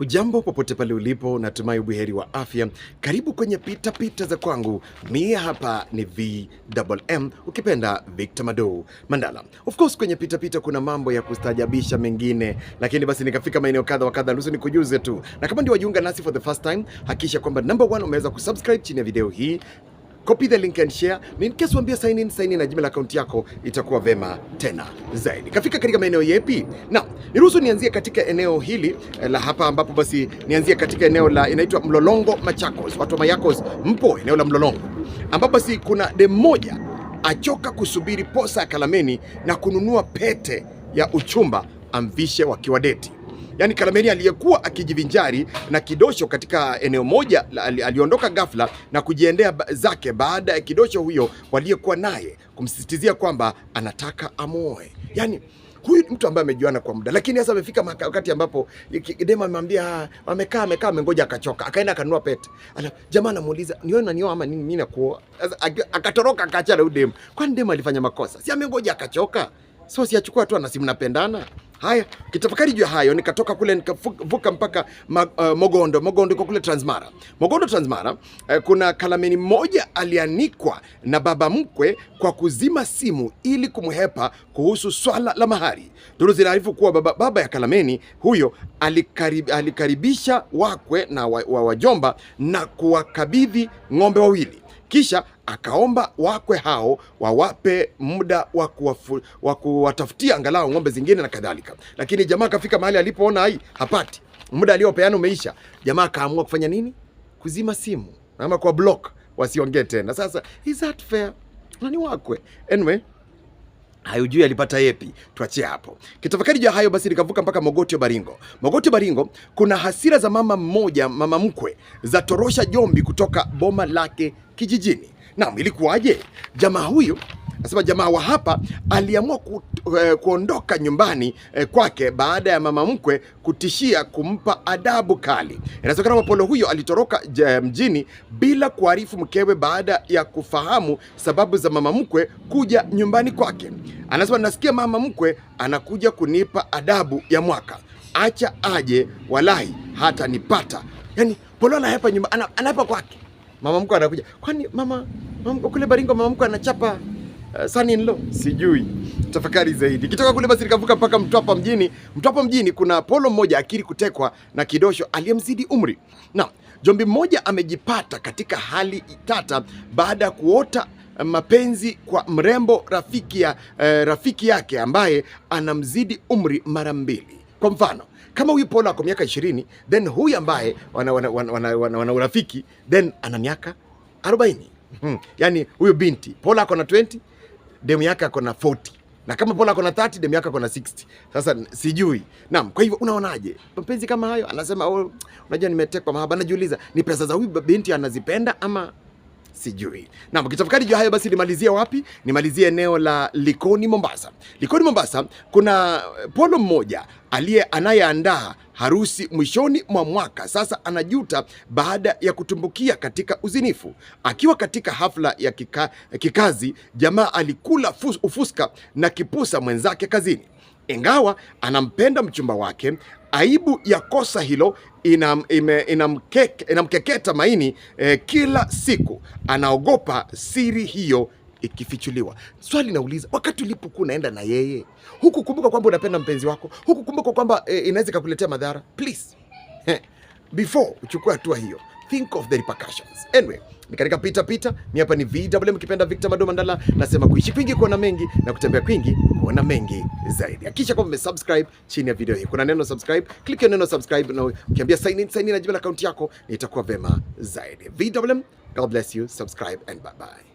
Hujambo popote pale ulipo, natumai ubuheri wa afya. Karibu kwenye pita pita za kwangu. Mie hapa ni VMM, ukipenda Victor Mado Mandala. Of course kwenye pita pita kuna mambo ya kustajabisha mengine, lakini basi nikafika maeneo kadha wa kadha, ruhusu nikujuze tu, na kama ndio wajiunga nasi for the first time, hakikisha kwamba number one umeweza kusubscribe chini ya video hii Copy the link and share. na in case uambia sign in, sign in na Gmail account yako itakuwa vema tena zaidi. Kafika katika maeneo yepi? Na niruhusu nianzie katika eneo hili eh, la hapa ambapo basi nianzie katika eneo la inaitwa Mlolongo Machakos. Watu wa Machakos mpo eneo la Mlolongo. Ambapo basi kuna dem moja achoka kusubiri posa ya Kalameni na kununua pete ya uchumba amvishe wakiwa deti yani Kalameni aliyekuwa akijivinjari na kidosho katika eneo moja aliondoka ghafla na kujiendea zake baada ya kidosho huyo waliyekuwa naye kumsisitizia kwamba anataka amuoe. Yani huyu mtu ambaye amejuana kwa muda, lakini sasa amefika wakati ambapo Dema amemwambia ah, amekaa amekaa amengoja akachoka, akaenda akanunua pete. Jamaa anamuuliza ni wewe nioa ama nini, mimi nakuoa. Akatoroka akaacha na Dema. Kwani Dema alifanya makosa? Si amengoja akachoka, so si achukua tu simu napendana Haya, kitafakari juu ya hayo, nikatoka kule nikavuka mpaka ma, uh, Mogondo. Mogondo iko kule Transmara. Mogondo Transmara, uh, kuna kalameni moja alianikwa na baba mkwe kwa kuzima simu ili kumhepa kuhusu swala la mahari. Duru zinaarifu kuwa baba, baba ya kalameni huyo alikarib, alikaribisha wakwe na wa, wa, wajomba na kuwakabidhi ng'ombe wawili. Kisha akaomba wakwe hao wawape muda wa kuwatafutia angalau ng'ombe zingine na kadhalika, lakini jamaa akafika mahali alipoona hai hapati, muda aliopeana umeisha. Jamaa akaamua kufanya nini? Kuzima simu ama kwa block, wasiongee tena. Sasa is that fair? Nani wakwe anyway hayujui alipata yepi, tuachie hapo. Kitafakari juu hayo basi, nikavuka mpaka Mogotio Baringo. Mogotio Baringo kuna hasira za mama mmoja, mama mkwe, za torosha jombi kutoka boma lake kijijini. Naam, ilikuwaje? Jamaa huyu Anasema jamaa wa hapa aliamua ku, eh, kuondoka nyumbani eh, kwake baada ya mama mkwe kutishia kumpa adabu kali. Inasemekana Mapolo huyo alitoroka mjini bila kuarifu mkewe baada ya kufahamu sababu za mama mkwe kuja nyumbani kwake. Anasema nasikia mama mkwe anakuja kunipa adabu ya mwaka, acha aje, walahi hata nipata. Yani Polo anahepa nyumba, anahepa kwake, mama mkwe anakuja. Kwani mama mama kule Baringo, mama mkwe anachapa son in law sijui tafakari zaidi. Kitoka kule basi nikavuka mpaka Mtwapa mjini. Mtwapa mjini kuna polo mmoja akiri kutekwa na kidosho aliyemzidi umri. Na jombi mmoja amejipata katika hali tata baada ya kuota eh, mapenzi kwa mrembo rafiki, ya, eh, rafiki yake ambaye anamzidi umri mara mbili. Kwa mfano kama huyu polo ako miaka ishirini then huyu ambaye wana, wana, wana, wana, wana, wana urafiki then ana miaka arobaini. Hmm. Yaani huyu binti polo ako na 20 demu yake ako na 40 na kama pole ako na 30 demu yake ako na 60. Sasa sijui. Naam, kwa hivyo unaonaje mapenzi kama hayo? Anasema oh, unajua nimetekwa mahaba. Anajiuliza ni pesa za huyu binti anazipenda ama sijui. Na mkitafakari juu hayo, basi nimalizie wapi? Nimalizie eneo la Likoni, Mombasa. Likoni, Mombasa kuna eh, polo mmoja aliye anayeandaa harusi mwishoni mwa mwaka. Sasa anajuta baada ya kutumbukia katika uzinifu. Akiwa katika hafla ya kika, eh, kikazi, jamaa alikula fus, ufuska na kipusa mwenzake kazini. Ingawa anampenda mchumba wake, aibu ya kosa hilo inam, ime, inamkeke, maini eh, kila siku. Anaogopa siri hiyo ikifichuliwa. Swali nauliza, wakati ulipokuwa unaenda na yeye, hukukumbuka kwamba unapenda mpenzi wako? Hukukumbuka kwamba eh, inaweza ikakuletea madhara? Please Before uchukue hatua hiyo, think of the repercussions. Anyway, ni katika pita pita, ni hapa ni VMM, kipenda Victor Mandala, nasema kuishi kwingi kuona mengi na kutembea kwingi kubwa na mengi zaidi. Hakikisha kwamba umesubscribe chini ya video hii, kuna neno subscribe, click neno subscribe na ukiambia sign in, sign in na jina la akaunti yako, itakuwa vema zaidi. VMM, God bless you, subscribe and bye bye.